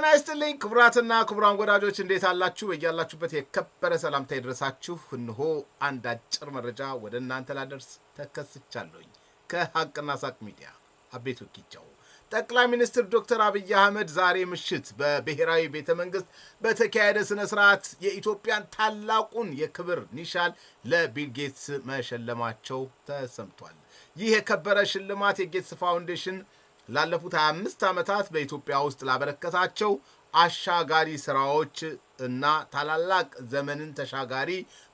ጤና ይስጥልኝ ክቡራትና ክቡራን ወዳጆች እንዴት አላችሁ? በያላችሁበት የከበረ ሰላምታ ይድረሳችሁ። እንሆ አንድ አጭር መረጃ ወደ እናንተ ላደርስ ተከስቻለሁኝ። ከሀቅና ሳቅ ሚዲያ አቤት ወኪቻው ጠቅላይ ሚኒስትር ዶክተር አብይ አህመድ ዛሬ ምሽት በብሔራዊ ቤተ መንግስት በተካሄደ ስነ ስርዓት የኢትዮጵያን ታላቁን የክብር ኒሻል ለቢልጌትስ መሸለማቸው ተሰምቷል። ይህ የከበረ ሽልማት የጌትስ ፋውንዴሽን ላለፉት 25 ዓመታት በኢትዮጵያ ውስጥ ላበረከታቸው አሻጋሪ ስራዎች እና ታላላቅ ዘመንን ተሻጋሪ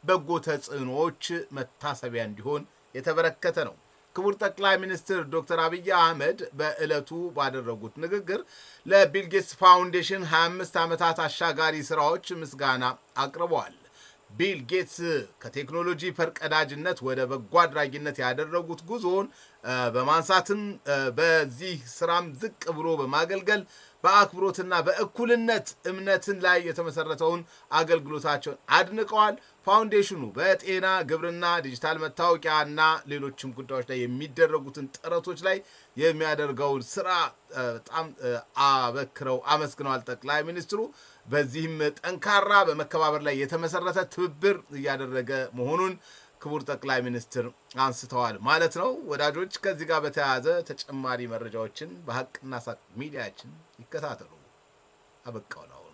በጎ ተጽዕኖዎች መታሰቢያ እንዲሆን የተበረከተ ነው። ክቡር ጠቅላይ ሚኒስትር ዶክተር አብይ አህመድ በዕለቱ ባደረጉት ንግግር ለቢልጌትስ ፋውንዴሽን 25 ዓመታት አሻጋሪ ስራዎች ምስጋና አቅርበዋል። ቢል ጌትስ ከቴክኖሎጂ ፈርቀዳጅነት ወደ በጎ አድራጊነት ያደረጉት ጉዞን በማንሳትም በዚህ ስራም ዝቅ ብሎ በማገልገል በአክብሮትና በእኩልነት እምነትን ላይ የተመሰረተውን አገልግሎታቸውን አድንቀዋል። ፋውንዴሽኑ በጤና፣ ግብርና፣ ዲጂታል መታወቂያ እና ሌሎችም ጉዳዮች ላይ የሚደረጉትን ጥረቶች ላይ የሚያደርገውን ስራ በጣም አበክረው አመስግነዋል ጠቅላይ ሚኒስትሩ። በዚህም ጠንካራ በመከባበር ላይ የተመሰረተ ትብብር እያደረገ መሆኑን ክቡር ጠቅላይ ሚኒስትር አንስተዋል ማለት ነው። ወዳጆች ከዚህ ጋር በተያያዘ ተጨማሪ መረጃዎችን በሀቅና ሳቅ ሚዲያችን ይከታተሉ። አበቃው።